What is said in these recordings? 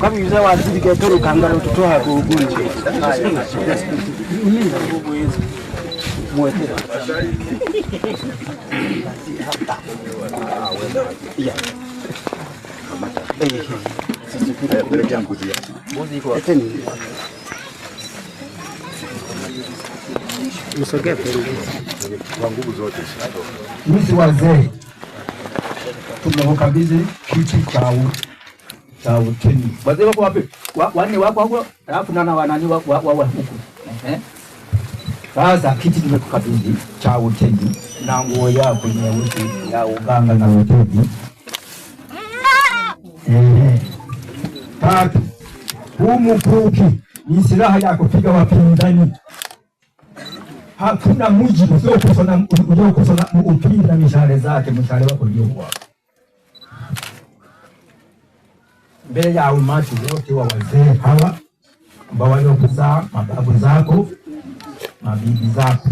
kabiza waziri gatoro kangalo tutoa ku ugonjwa misi Sisi wazee tumekabidhi kiti cha uteni. Wazee wako wapi? Wanne wako huko, alafu nana wanani wako huko. Sasa kiti tumekukabidhi cha uteni na nguo yako nyeusi ya uganga na uteni. Tatu, huu mkuki ni silaha ya kupiga wapinzani hakuna mji sio ukosana upinda mishale zake, mshale wako uliokwa mbele ya umati wote wa wazee hawa ambao waliokuzaa mababu zako mabibi zako.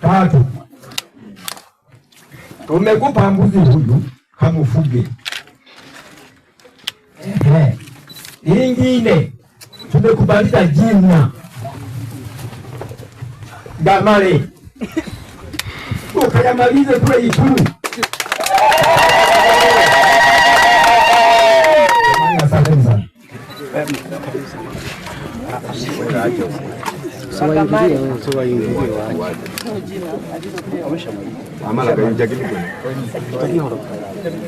Tatu, tumekupa mbuzi huyu kamufuge. Ehe, ingine tumekubaliza jina Damale ukayamalize kule Ituri.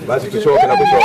Basi tuchoke na kuchoka.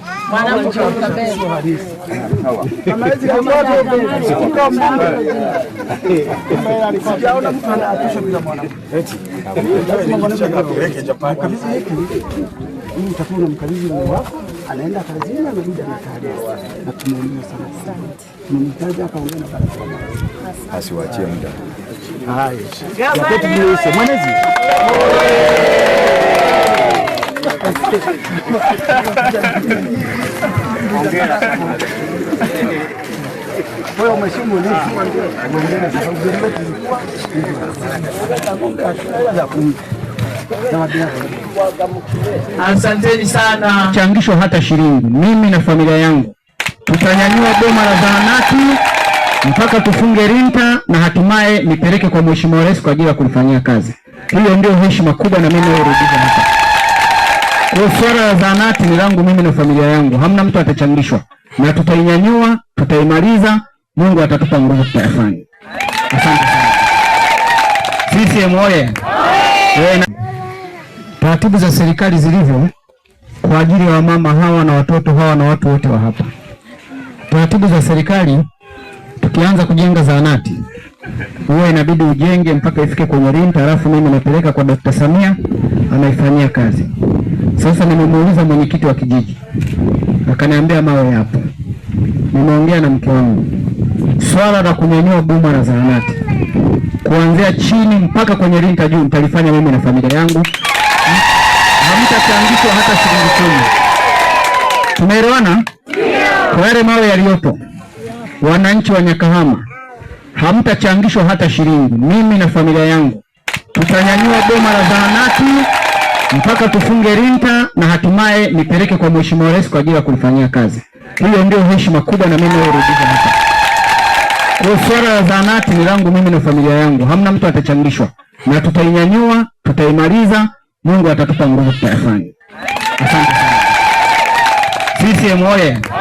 mwanamke utakuwa unamkabidhi Mungu wako, anaenda kazini, anarudi anataarifa, na tumeumia sana sana. Tumemtaja akaongea na baraka, asiwaachie muda. Haya, mwenezi wewe Asanteni sana. Changisho hata shilingi, mimi na familia yangu tutanyanyua boma la zahanati mpaka tufunge rinta na hatimaye nipeleke kwa Mheshimiwa Rais kwa ajili ya kulifanyia kazi. Hiyo ndio heshima kubwa na mimi hapa. Swala ya zahanati ni langu mimi na familia yangu, hamna mtu atachangishwa, na tutainyanyua, tutaimaliza. Mungu atatupa nguvu, tutayafanya. Asante sana. CCM oye! Taratibu za serikali zilivyo eh? kwa ajili ya wamama hawa na watoto hawa na watu wote wa hapa, taratibu za serikali, tukianza kujenga zahanati huwa inabidi ujenge mpaka ifike kwenye rinta, halafu mimi napeleka kwa Dr. Samia anaifanyia kazi. Sasa nimemuuliza mwenyekiti wa kijiji, akaniambia mawe yapo. Nimeongea na mke wangu, swala la kunyanyua boma la zahanati kuanzia chini mpaka kwenye rinta juu nitalifanya mimi na familia yangu, hamtachangishwa hata shilingi kumi. Tumeelewana? Kwa yale mawe yaliyopo, wananchi wa Nyakahama, hamtachangishwa hata shilingi. Mimi na familia yangu tutanyanyua boma la zahanati mpaka tufunge Rinta na hatimaye nipeleke kwa Mheshimiwa Rais kwa ajili ya kulifanyia kazi. Hiyo ndio heshima kubwa, na mimi nayorudisha hapa. Swala ya zahanati ni langu mimi na familia yangu, hamna mtu atachangishwa, na tutainyanyua, tutaimaliza. Mungu atatupa nguvu, tutayafanya. Asante sana. CCM oye!